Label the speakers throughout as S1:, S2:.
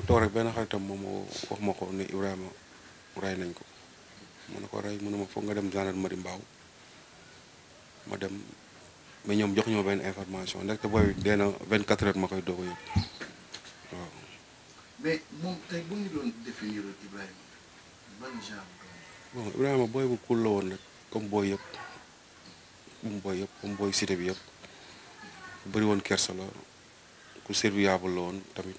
S1: dama toog rek benn xaritam moom moo wax ma ko ne Ibrahima rey nañ ko mu ne ko rey mu ne ma foog nga dem gendarmerie Mbao ma dem mais ñoom jox ñoo benn information ndaxte booy dee na 24 heures ma koy doog a yëg waaw. booy bu cool la woon rek comme booy yëpp comme booy yëpp comme booy bi yëpp bëri woon kersa la ku serviable la woon tamit.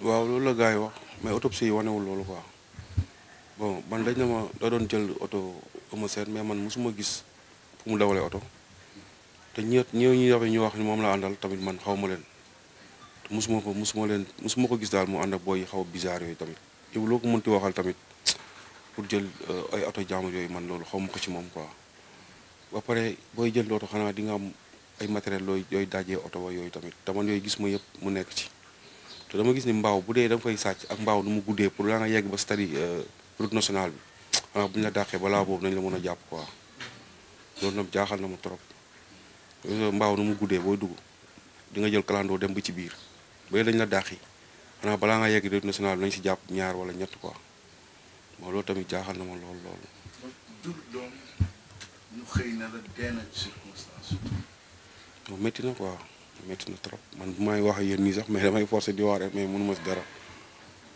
S1: waaw loolu la gaa yi wax mais autopsie yi wanewul loolu quoi bon man dañ na ma da jël oto Eumeu mais man mosuma gis mu dawalee oto te ñeet ñëw ñu yafe ñu wax ni moom la àndal tamit man xaw ma leen te ko mosuma leen mosuma ko mu ànd ak xaw a bizarre yooyu tamit yow loo ko mënti waxal tamit pour jël euh, ay oto jàmbur yooyu man loolu xaw ma ko ci moom quoi ba pare booy jël oto xanaa di nga am ay matériel looy yooyu dajee oto wa yooyu tamit te man yooyu gis ma yëpp mu nekk ci te dama gis ni mbaaw bu dee da koy sàcc ak mbaaw nu mu guddee pour la nga yegg ba stade euh, route nationale bi xanaa bu la dàqee balaa boobu nañ la mën a jàpp quoi loolu nag jaaxal na ma trop euh, mbaaw nu mu guddee booy dugg di nga kalandoo dem ba ci biir ba dañ la dàqi xanaa balaa nga yegg route nationale bi nañ si jàpp ñaar wala ñett quoi tamit jaaxal na ma lool loolu.
S2: doom ñu
S1: xëy métti na trop man bu may wax ak yéen nii sax mais damay forcé di wax rek mais mënuma si dara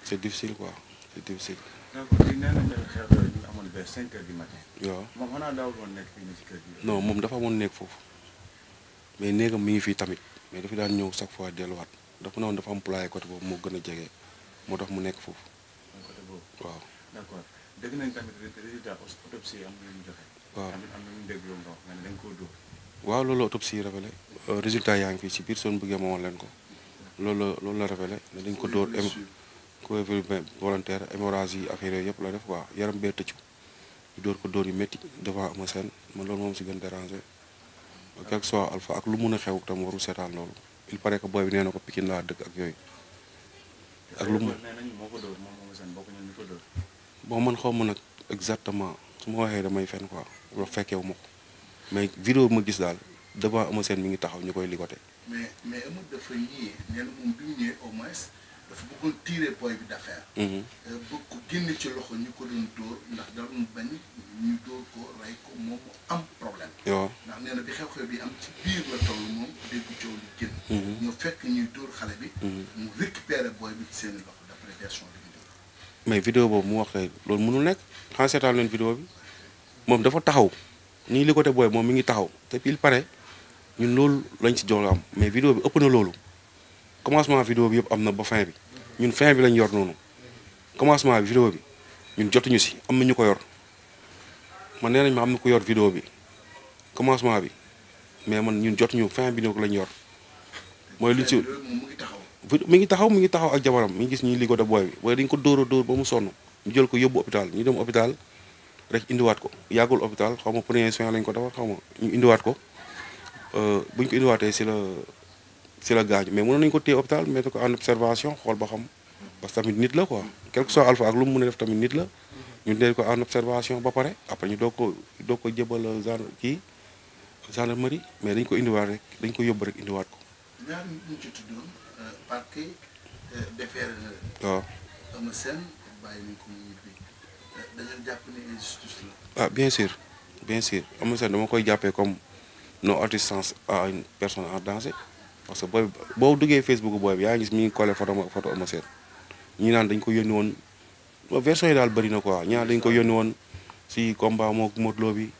S1: c' est ko quoi c' est difficile. d'accord léegi nee nañ la xew yooyu ñu amoon ba 5 heures du matin. waaw moom xanaa daawul nekk fii ci kër gi. non moom dafa amoon nekk foofu mais néegam mi ngi fii tamit mais dafa daan ñëw chaque fois delluwaat dafa ne woon dafa am ployé côté boobu moo gën a jege moo tax mu nekk foofu. côté boobu waaw. d' accord dégg na ñu joxe. waaw tamit am na ñu déglu nga wax nga ne waaw loolu autopsie yi révélé euh, résultat yaa ngi fii ci biir soo bëggee ma woon leen ko loolu loolu la révélé ne dañ ko dóor couvre-feu volontaire hémorragie yi affaire yooyu yëpp la def quoi yaram bee tëccu ñu ko dóor yu métti devant ama seen man loolu moom si gën dérangé quel que soit ak lu mun a xew tam warul seetaan loolu il paraît que booy bi nee na ko Pikine laa dëkk ak yooyu ak lu mu bon man xaw ma nag exactement su ma waxee damay fen quoi fekkee wu ma mais vidéo bi ma gis daal devant Eumeu Sène mi ngi taxaw ñu koy ligoté.
S2: mais mais Eumeu dafa ñëwee moins dafa bëggoon tirer boy bi d'affaire. Mhm. Euh, ci loxo ñu ko doon dóor ndax da xale bi. Mhm. mu récupérer
S1: mais vidéo boobu mu wax loolu mënul nekk xanaa seetaan leen vidéo bi moom dafa taxaw. ñu ngi li côté booy moom mi ngi taxaw te il pare ñun loolu lañ ci jox am mais vidéo bi ëpp na loolu commencement vidéo bi yëpp am na ba fin bi ñun fin bi lañ yor noonu commencement bi vidéo bi ñun jotuñu ci am na ñu ko yor man nee nañ ma am na ku yor vidéo bi commencement bi mais man ñun jotuñu fin bi ko lañ yor mooy luñ ci mi ngi taxaw mi ngi taxaw ak jabaram mi ngi gis ñuy li côté booy bi booy dañ ko dóor a dóor ba mu sonn ñu jël ko yóbbu hôpital ñu dem hôpital rek indiwaat ko yàggul hôpital xaw ma premier soin lañ ko defar xaw ma ñu indiwaat ko euh, buñ ko indiwaatee si la si la gaañu mais mënoon nañ ko téye hôpital mettre ko en observation xool ba xam parce que tamit nit la ko quel que soit alpha ak lu mu mën a def tamit nit la ñu dee ko en observation ba pare après ñu doo ko doog ko jëbal genre kii gendarmerie mais dañ ko indiwaat rek dañ ko yóbbu rek indiwaat ko.
S2: ñaar da ngeen jàpp ni injustice
S1: la. Ah, bien sûr bien sûr amul sax dama koy jàppee comme no assistance à une personne en danger parce que booy boo duggee Facebook booy bi yaa ngi gis mi ngi collé photo photo Eumeu ñi naan dañ ko yónni woon version yi daal bëri na quoi ñi naan dañ ko yónni woon si combat moo Modou Lo bi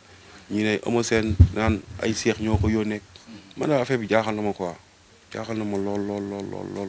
S1: ñi ne Eumeu Sène naan ay seex ñoo ko yónnee man daal affaire bi jaaxal na ma quoi jaaxal na ma lool lool lool lool lool.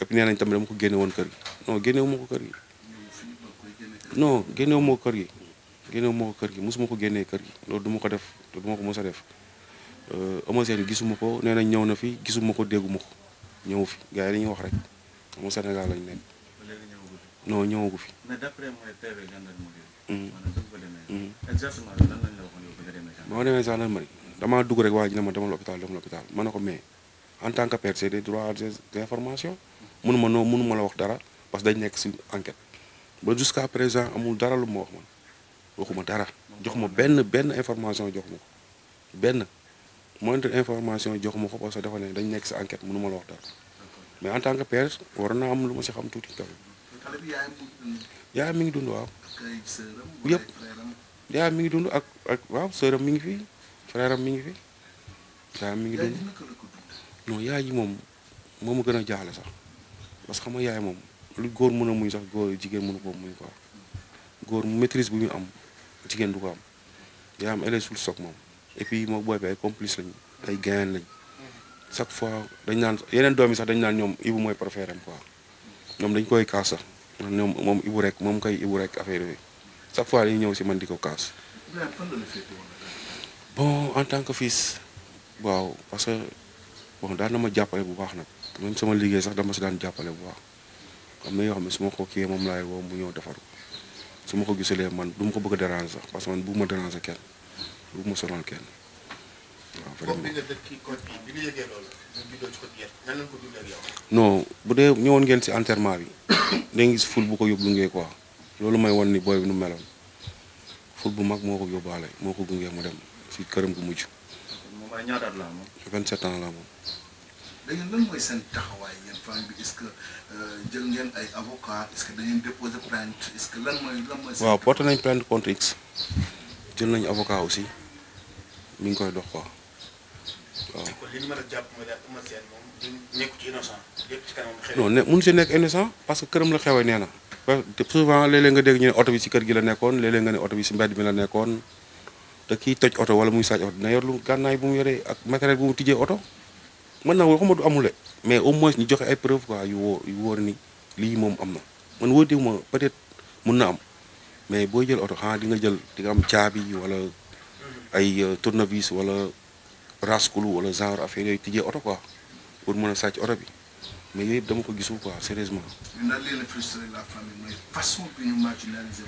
S1: et puis nee nañ tamit dama ko génne woon kër gi non génne ko kër gi non génne kër gi génne wu kër gi mosuma ko génnee kër gi loolu du ko def du ma ko mos a def euh, Eumeu Sène gisuma ko nee nañ ñëw na fi gisuma ko dégguma ko ñëw fi gars yi dañuy wax rek amu Sénégal lañ nekk non ñëwagu fi. mais d'après mooy PV gendarmerie. Hmm. Hmm. exactement lan lañ la waxoon yow ba nga demee gendarmerie. moo demee gendarmerie damaa dugg rek waa ji ne ma demal hôpital demal hôpital ma ne ko mais en tant que père c'est des droits d'information mënuma noo mënuma la wax dara parce que dañ nekk ci enquête ba jusqu'à présent amul dara lu ma wax man waxuma dara jox ma benn benn information jox ma ko benn moindre information jox ma ko parce que dafa ne dañ nekk ci enquête mënuma la wax dara mais en tant que père war naa am lu ma ci xam tuuti yaayam mi ngi dund waaw yëpp yaayam mi ngi dund ak ak waaw sœuram mi ngi fi frère am mi ngi fi yaayam mi ngi dund non yaay ji moom moo ma gën a jaaxle sax parce que xam nga yaay moom lu góor mu a muñ sax góor jigéen mu mënu ko muñ quoi góor maîtrise bu ñu am jigéen du ko am yaa am elle sul soog moom et moo booy bi ay ay gain lañ chaque fois dañ naan yeneen doom yi sax dañ naan ñoom mooy préféré am quoi ñoom dañ koy kaas sax man ñoom moom Ibou rek rek affaire yooyu chaque fois dañuy ñëw si man di ko kaas. en tant que fils waaw parce que bon daan na ma jàppale bu baax nag. même sama liggéey sax dama si daan jàppale bu baax am na yoo xam ne su ma ko kiyee moom laay woo mu ñëw defaru su ma ko gisalee man du ma ko bëgg a déranger sax parce que man bu ma déranger kenn bu ma sonal kenn waaw non bu dee ñëwoon ngeen si enterment bi da ngeen gis bu ko yóbbu ngeen quoi loolu may wan ni booy nu meloon ful bu mag moo ko yóbbaale moo ko gungee mu dem si këram gu mujj. moom ay ñaataat la amoon. 27 ans la amoon.
S2: da ngeen lan mooy seen taxawaay yéen famille bi euh, ngeen ay avocat est-ce que da ngeen
S1: nañ plainte contre X jël ngi koy dox quoi a
S2: jàpp mooy daal Eumeu Sène moom nekku ci innocent lépp ci xew. non ne mun
S1: si nekk innocent na. te souvent bi si kër gi la nekkoon léeg nga ne oto bi si mbedd bi la nekkoon te kiy toj oto wala muy saaj oto dina yor lu gànnaay bu mu yoree ak matériel bu mu tijjee oto. man nag waxuma du amule mais au moins ñu joxe ay preuve quoi yu wóor yu wóor ni lii moom am na man wóoteewuma peut-être mun na am mais boo jël oto xanaa di nga jël di nga am caabi wala ay euh, tournevis wala raskulu wala genre affaire yooyu tijjee oto quoi pour mën a sàcc oto bi mais yooyu dama ko gisul quoi sérieusement.
S2: la famille mooy façon bi ñu marginaliser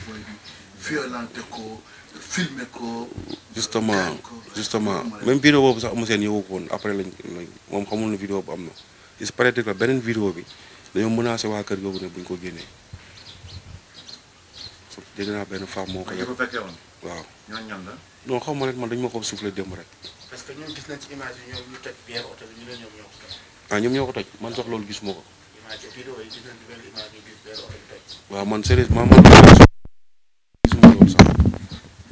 S2: violenter ko filmer
S1: ko. justement justement même vidéo boobu sax amu seen yëngu ko woon après lañ moom xamul ne vidéo bu am na il se paraît bi dañoo menacé waa kër googu ne buñ ko génnee dégg naa benn femme moo ko. yëg waaw ñooñu ñan la. non xaw ma ne man dañ ma ko soufflé rek.
S2: parce que ñun gis nañ ci image yi ñoom ah, ñoo ko toj. man sax loolu gisuma ko. gis nañ ci benn waaw man sérieusement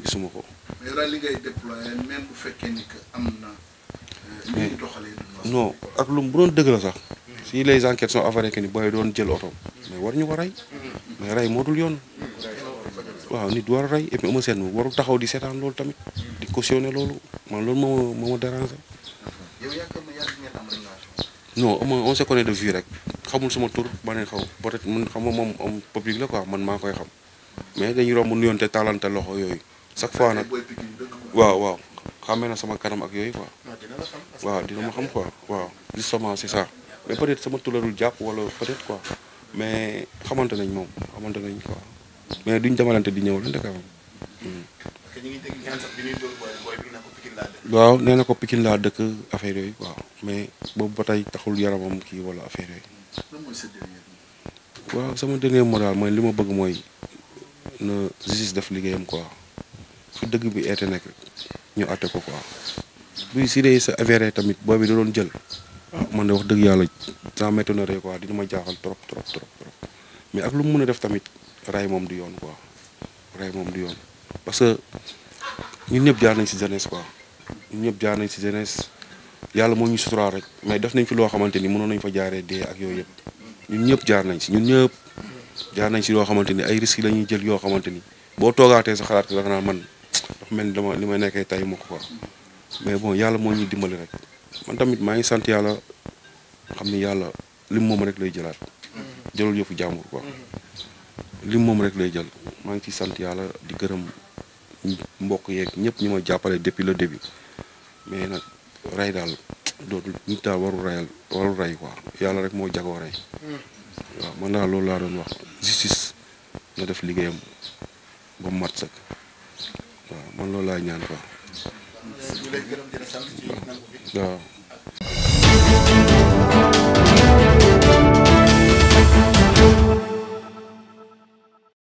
S1: suma ko. am na. Euh, li doxalee non ak lu mu bu doon dëgg sax. si les enquêtes sont avérées que ni booy doon jël oto. mais war ñu ko rey. mais rey moo dul yoon. waaw nit war a rey et puis ama seen warul taxaw di seetaan loolu tamit. di cautionner loolu man loolu moo ma moo ma déranger. yow naa yaa am relation. non ama on de vue rek xamul suma tur ma ne xaw peut-être man xam nga moom am public la quoi maa koy xam mais dañ dañuy romb nuyoonte taalante loxo yooyu. chaque fois nag waaw waaw xamee na sama kanam ak yooyu quoi waaw dina ma xam quoi waaw justement c'est ça mais peut-être sama tularul jàpp wala peut-être mais xamante nañ moom xamante nañ quoi mais duñ demalante di ñëwalante quand même waaw nee na ko Pikine laa dëkk affaire yooyu waaw mais boobu ba tey taxul yaramam kii wala affaire yooyu waaw sama dernier moo daal mooy li ma bëgg mooy na justice def liggéeyam quoi su dëgg bi eete nekk ñu àtte ko quoi buy si dee sa avéré tamit boobi da doon jël ah man de wax dëgg yàlla ça m'étonnerait quoi dina ma jaaxal trop trop trop trop mais ak lu mu mën a def tamit ray moom du yoon quoi ray moom du yoon parce que ñun ñëpp jaar nañ si jeunesse quoi ñun ñëpp jaar nañ si jeunesse yàlla moo ñu suturaal rek mais def nañ fi loo xamante ni mënoon nañ fa jaaree dee ak yooyu yëpp ñun ñëpp jaar nañ si ñun ñëpp jaar nañ si loo xamante ni ay risques la ñuy jël yoo xamante ni boo toogaatee sa xalaat da nga man. ndax mel ni dama li may nekkee tey ma ko mais bon yàlla moo ñuy dimbali rek man tamit maa ngi sant yàlla xam ni yàlla lim moom rek lay jëlaat jëlul yëfu jàmbur quoi lim moom rek lay jël maa ngi ciy sant yàlla di gërëm mbokk yeeg ñëpp ñu ma jàppale depuis le début mais nag rey daal dootul nit daal warul reyal warul rey quoi yàlla rek moo jagoo rey man daal loolu laa doon wax justice na def liggéeyam ba mat sëkk man loolu laay ñaan quoi. waaw.